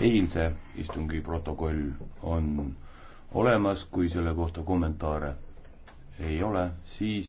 eilse istungi protokoll on olemas, kui selle kohta kommentaare ei ole, siis